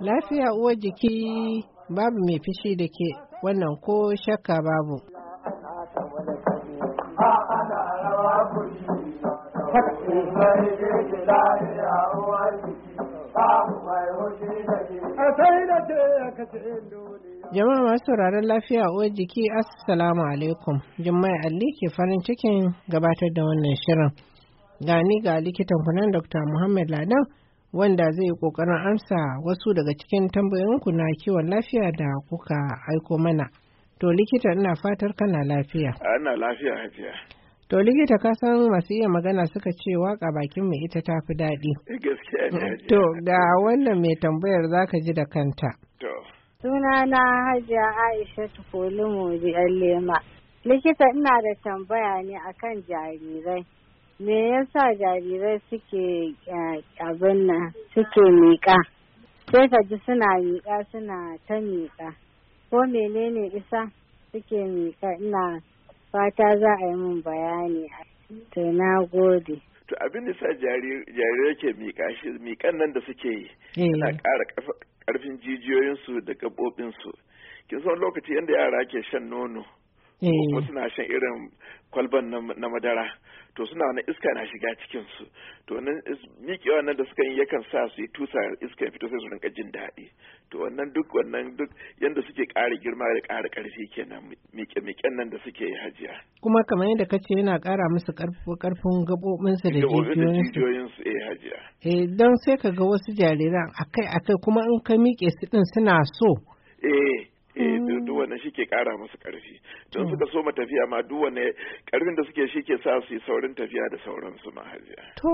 Lafiya uwar jiki babu mai fishi da ke wannan ko shakka babu. A sai da ce ya kace Jama'a masu sauraron lafiya uwar jiki Assalamu alaikum. Jummai Ali ke farin cikin gabatar da wannan shirin. Gani ga likitan kunan Dr. Muhammad Ladan wanda zai yi kokarin amsa wasu daga cikin tambayoyinku na kiwon lafiya da kuka aiko mana. To likita ina fatar kana lafiya. Ana lafiya hajiya. To likita ka san masu iya magana suka ce waka bakin mai ita ta fi daɗi. Eh, gaskiya mm, To ga wannan mai tambayar za ka ji da kanta. Suna na Hajiya Aisha Tukoli Mojiyar Lema. Likita ina da tambaya ne akan jarirai. Me yasa jarirai suke eh, abin nan suke miƙa? Sai ka ji suna miƙa suna ta miƙa. Ko menene isa suke miƙa ina fata za a yi min bayani. To na gode. to abin da sa jarirai ke miƙa shi miƙan nan da suke yi yana eh. ƙara ƙarfin jijiyoyinsu da su kin san lokaci yadda yara ke shan nono kuma eh. suna shan irin kwalban na madara to suna wani iska na shiga cikin su to wannan miƙewa nan da suka yi yakan sa su yi tusa iska fito sai su rinka jin daɗi to wannan duk wannan duk yanda suke ƙara girma da ƙara ƙarfi kenan miƙe-miƙen nan da suke yi hajiya kuma kamar yadda ka ce yana ƙara musu ƙarfin su da su eh hajiya eh don sai ka ga wasu jariran akai-akai kuma in ka miƙe su ɗin suna so eh wannan shi ke kara musu karfi don mm. suka so ma tafiya ma duk wanne karfin da suke shi ke sa su yi saurin tafiya da sauransu ma hajiya to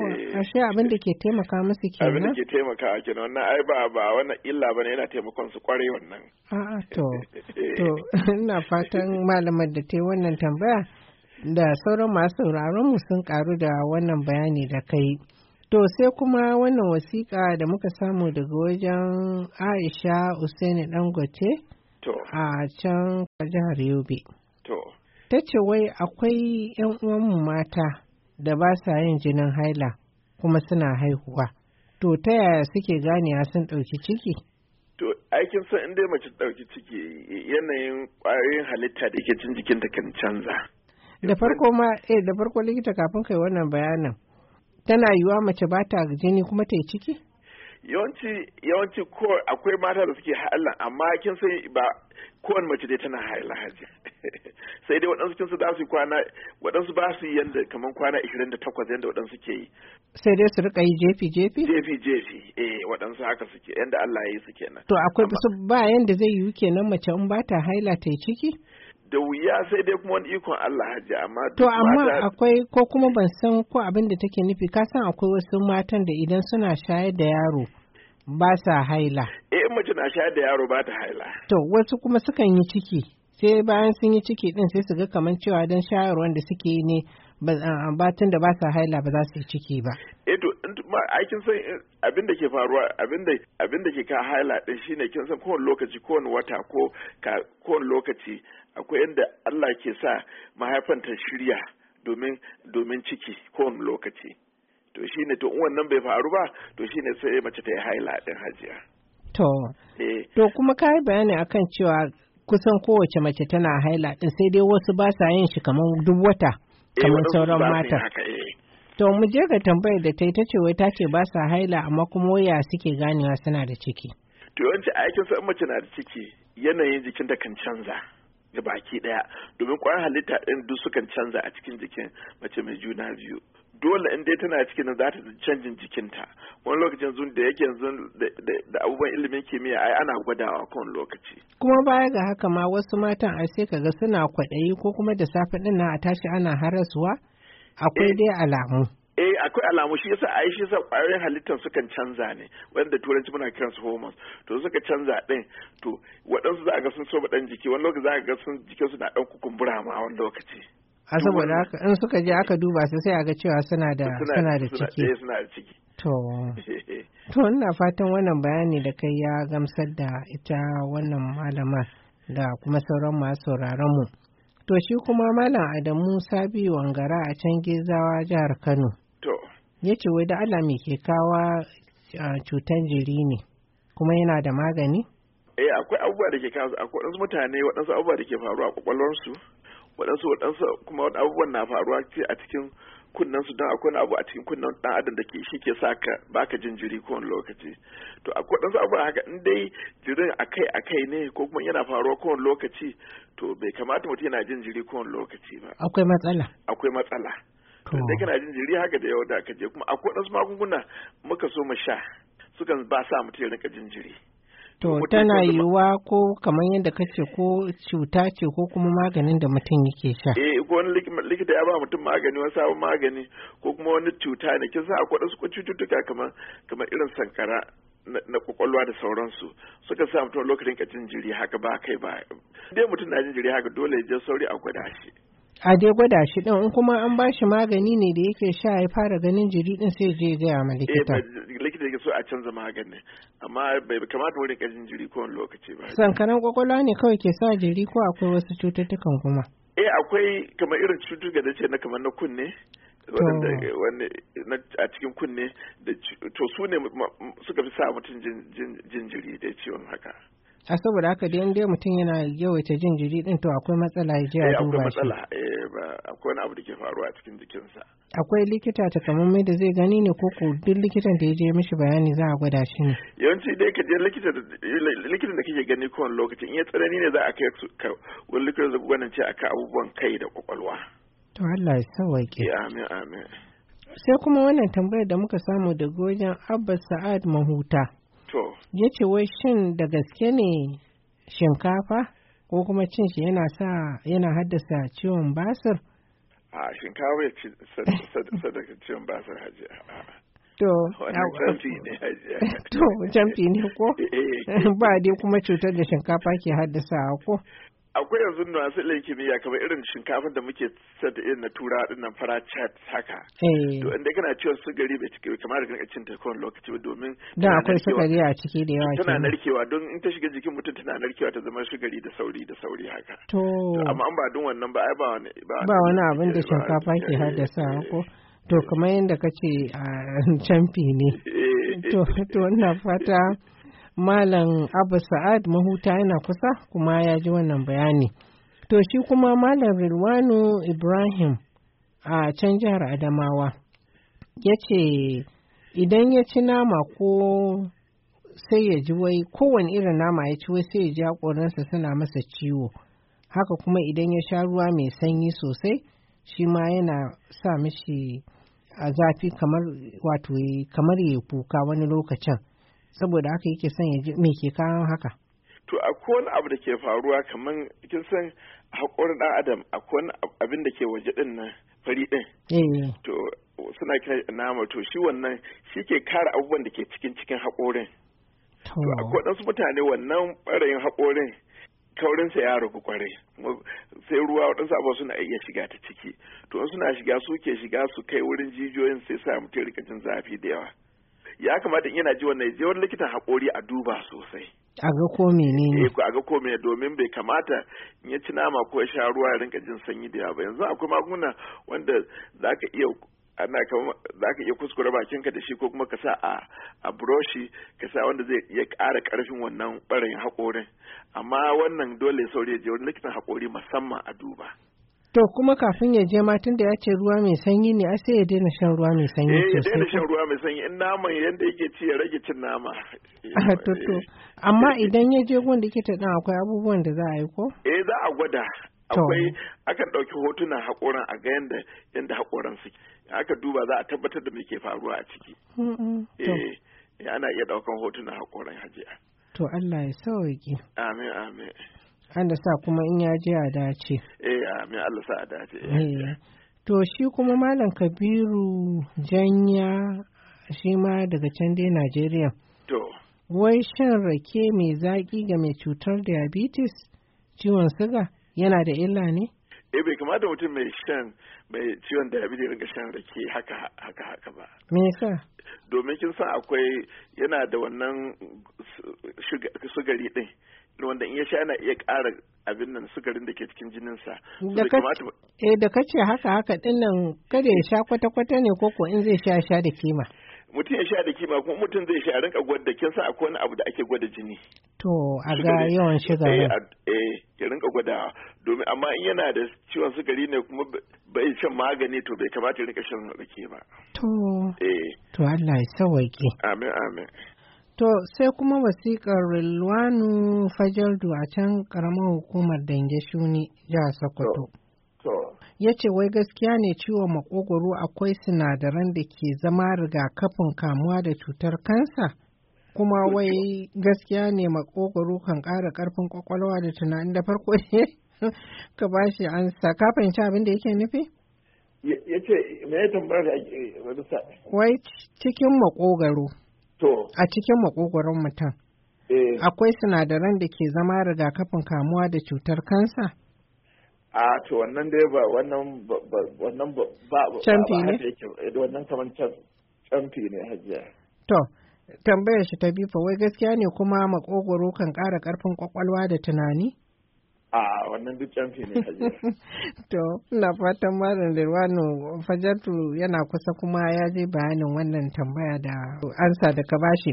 eh, ashe abin da ke taimaka musu kenan abin da ke taimaka kenan wannan ai ba ba wannan illa bane yana taimakon su kwarai wannan a'a to eh. to ina fatan malamar da ta yi wannan tambaya da sauran masu sauraron mu sun karu da wannan bayani da kai To sai kuma wannan wasiƙa da muka samu daga wajen Aisha Usaini Dangote a can jihar Yobe. To. Ta ce wai akwai 'yan uwanmu mata da ba sa yin jinin haila kuma suna haihuwa. To ta yaya suke ganewa sun ɗauki ciki? To aikin san in dai mace ɗauki ciki yanayin ƙwayoyin halitta da ke cin jikinta kan canza. Da farko ma eh da farko likita kafin kai wannan bayanin. Tana yiwuwa mace ba ta jini kuma ta yi ciki? yawanci yawanci ko akwai mata da suke haila amma kin sai ba kowane mace dai tana haila haji sai dai waɗansu kinsu za su kwana waɗansu ba su yadda kamar kwana 28 yadda waɗansu ke yi sai dai su rika yi jefi jefi jefi jefi eh waɗansu haka suke yadda Allah ya yi su kenan to akwai su ba yadda zai yi kenan mace in ba ta haila ta yi ciki da wuya sai dai kuma wani ikon Allah hajji amma to amma akwai ko kuma ban san ko abin da take nufi ka san akwai wasu matan da idan suna shayar da yaro ba sa haila eh mace na shayar da yaro ba ta haila to wasu kuma sukan yi ciki sai bayan sun yi ciki din sai su ga kamar cewa dan shayarwa da suke yi ne batun ah, da ba sa haila ba za su yi ciki ba. Eto, eh, aikin san eh, abin da ke faruwa abin da ke ka haila din shine kin san kowane lokaci kowane wata ko kowane lokaci akwai inda Allah ke sa mahaifan ta shirya domin ciki ciki kowane lokaci to shi ne, to wannan bai faru ba to shi ne sai mace ta yi haila din hajiya to eh. to kuma ka yi bayani akan cewa kusan kowace mace tana haila din sai dai wasu ba sa yin shi kamar duk wata eh, kamar sauran mata eh. to mu je ga tambayar da ta yi ta ce wai ta ce ba sa haila amma kuma waya suke ganewa suna da ciki to yawanci aikin sa mace na da ciki yanayin jikin da kan canza ga baki daya domin kwayar halitta din duk sukan canza a cikin jikin mace mai juna biyu dole in dai tana cikin za ta canjin jikinta wani lokacin zun da yake yanzu da abubuwan ilimin kimiyya ai ana gwadawa kan lokaci kuma baya ga haka ma wasu matan a sai kaga suna kwaɗayi ko kuma da safe din a tashi ana harasuwa akwai eh. dai alamu eh akwai alamu shi yasa yi shi yasa ƙwayoyin halittar sukan canza ne wanda turanci muna kiran su hormones to suka canza din to waɗansu za a ga sun so ɗan jiki wani lokaci za a ga sun jikinsu na ɗan kukumbura ma wani lokaci a saboda haka in suka je aka duba su sai a ga cewa suna da suna da ciki eh, suna da ciki to to ina fatan wannan bayani da kai ya gamsar da ita wannan malamar da kuma sauran masu sauraron mu to shi kuma malam Adamu Sabi, Wangara a can Gizawa jihar Kano ya ce wai da Allah me ke kawa cutan jiri ne kuma yana da magani? Eh akwai abubuwa da ke kawo akwai waɗansu mutane waɗansu abubuwa da ke faruwa a kwakwalwarsu waɗansu waɗansu kuma waɗansu abubuwan na faruwa a cikin kunnen su don akwai abu a cikin kunnen dan adam da ke shi ke sa ka baka jin jiri kowane lokaci to akwai dan abu haka in dai jirin akai akai ne ko kuma yana faruwa kowane lokaci to bai kamata mutum yana jin jiri kowane lokaci ba akwai matsala akwai matsala da kana jin jiri haka da yau da aka je kuma akwai wasu magunguna muka so mu sha sukan ba sa mutum ya rinka jin jiri To tana yiwuwa ko kamar yadda ka ce ko cuta ce ko kuma maganin da mutum yake sha. Eh ko wani likita ya ba mutum magani wani sabon magani ko kuma wani cuta ne kin san akwai wasu cututtuka kamar kamar irin sankara na kwakwalwa da sauransu suka sa mutum lokacin ka jin jiri haka ba kai ba. Dai mutum na jin jiri haka dole ya je sauri a gwada shi. a dai gwada shi din in kuma an bashi magani ne da yake sha ya fara ganin jiri din sai je gaya ma eh, likita eh likita yake so a canza magani, amma bai kamata wani kajin jiri ko wani lokaci ba sankaran kwakwalwa ne kawai ke sa jiri ko akwai wasu cututtukan kuma eh akwai kamar irin cututtuka da ce na kamar na kunne waɗanda a cikin kunne da to su ne suka fi sa mutum jin jiri da ciwon haka a saboda haka da dai mutum yana yawaita jin jiri din to akwai matsala ya je a eh, duba akwai matsala eh, akwai wani abu da ke faruwa a cikin jikinsa akwai likita ta kamar mai da zai gani ne ko ko duk likitan da ya je mishi bayani za a gwada shi ne yawanci dai ka je likita likitan da kake gani kowane lokaci in ya tsanani ne za a kai ka wani likitan da gwanin ce akan abubuwan kai da kwakwalwa to Allah ya sawaike amin amin sai kuma wannan tambayar da muka samu daga wajen Abba Sa'ad Mahuta ya ce wai shin da gaske ne shinkafa ko kuma cin shi yana sa yana haddasa ciwon basir? A shinkafa ya ci sadaka ciwon basir hajiya. To, jamfi ne hajiya. To, jamfi ne ko? Eh, eh. Ba dai kuma cutar da shinkafa ke haddasa ko? akwai yanzu na ilin kimiyya kamar irin shinkafa da muke sata irin na tura din nan fara chat haka eh. to inda kana cewa sugari bai cike kamar da cin ta kowane lokaci ba domin da akwai sugari a ciki da yawa tana narkewa don in ta shiga jikin mutum tana narkewa ta zama sugari da sauri da sauri haka to amma an ba don wannan ba ai ba wani ba wani abin da shinkafa ke haddasa eh. ko to kamar yadda kace a ah, camfi ne eh. to to wannan fata Malam Abba Sa'ad mahuta yana kusa kuma ya ji wannan bayani. To shi kuma Malam Rilwanu Ibrahim a can jihar Adamawa ya ce idan ya ci nama ko sai ya ji wai kowane irin nama ya ci wai sai ya ji haƙorinsa suna masa ciwo. Haka kuma idan ya sha ruwa mai sanyi sosai shi ma yana sa mishi a zafi kamar wato kamar ya kuka wani lokacin. saboda haka yake son ya ji me ke kawo haka to akwai wani abu da ke faruwa kamar kin san haƙorin ɗan adam akwai wani abin da ke waje ɗin nan fari ɗin eh. to suna kira nama to shi wannan shi ke kare abubuwan da ke cikin cikin haƙorin to akwai ɗansu mutane wannan ɓarayin haƙorin kaurinsa ya ragu kwarai sai ruwa waɗansu abuwa suna iya shiga ta ciki to suna shiga su ke shiga su kai wurin jijiyoyin sai sa mutum rika zafi da yawa ya kamata in yana ji wannan je wani likitan haƙori a duba sosai a ga ko menene eh a ga ko menene domin bai kamata in ya ci nama ko ya sha ruwa ya rinka jin sanyi da yawa ba yanzu akwai magunguna wanda zaka iya ana kama za ka iya kuskure bakinka da shi ko kuma ka sa a buroshi ka sa wanda zai iya ƙara ƙarfin wannan barin haƙorin amma wannan dole saurayi je wani likitan haƙori musamman a duba. To kuma kafin ya je ma tunda ya ce ruwa mai sanyi ne sai ya daina shan ruwa mai sanyi sosai. Eh ya daina shan ruwa mai sanyi in naman yanda yake ci ya rage cin nama. Ah, to to amma idan ya je gun likita din akwai abubuwan da za a yi ko? Eh za a gwada. Akwai akan ɗauki hotunan haƙoran a ga yanda yanda haƙoran suke. Aka duba za a tabbatar da me ke faruwa a ciki. Eh ana iya ɗaukan hotunan haƙoran hajiya. To Allah ya sauke. Amin amin. da sa kuma in ya je a dace. Eh, amin Allah sa a dace. Eh. To shi kuma Malam Kabiru Janya shi ma daga can dai Najeriya. To. Wai shan rake mai zaƙi ga mai cutar diabetes ciwon siga yana da illa ne? Eh bai kamata mutum mai shan mai ciwon diabetes rinka shan rake haka haka haka ba. Me yasa? Domin kin san akwai yana da wannan sugari din. wanda in ya sha ana iya ƙara abin nan sukarin da ke cikin jininsa. Eh da kace haka haka dinnan kada ya sha kwata-kwata ne ko ko in zai sha sha da kima. mutum ya sha da kima kuma mutum zai sha a rinka gwada kin sa akwai wani abu da ake gwada jini to a ga yawan shiga eh a ya eh, rinka gwada domin amma in yana da ciwon sukari ne kuma bai shan magani to bai kamata ya rinka shan rake ba to eh to Allah ya sauke amin amin To sai kuma wasiƙar Rilwanu Fajardu a can ƙaramar hukumar Dange Shuni jihar Sokoto. Ya ce wai gaskiya ne ciwon makogoro akwai sinadaran da ke zama rigakafin kamuwa da cutar kansa? Kuma wai gaskiya ne makogoro kan ƙara ƙarfin kwakwalwa da tunanin da farko ne? Ka ba shi ansa, ka fahimci abin da yake nufi? Ya ce, me ya tambayar da Wai cikin makogwaro. a cikin makogoron mutum. Eh. Akwai sinadaran da ke zama rigakafin kamuwa da cutar kansa? a to wannan dai ba wannan ba wannan ba ne eh, wannan ne hajiya to tambayar shi ta bifa wai gaskiya ne kuma makogoro kan ƙara ƙarfin ƙwaƙwalwa da tunani a wannan duk canfi ne to ina fatan malam Lirwano Fajatu yana kusa kuma ya je bayanin wannan tambaya da ansa da ka bashi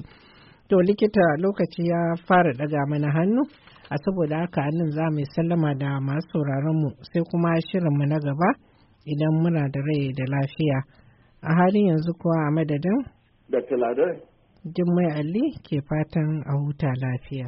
to likita lokaci ya fara daga mana hannu a saboda haka nan za mu sallama da masu sauraronmu, sai kuma shirinmu na gaba idan muna da rai da lafiya a halin yanzu kuwa a madadin da tiladar Jummai ali ke fatan a huta lafiya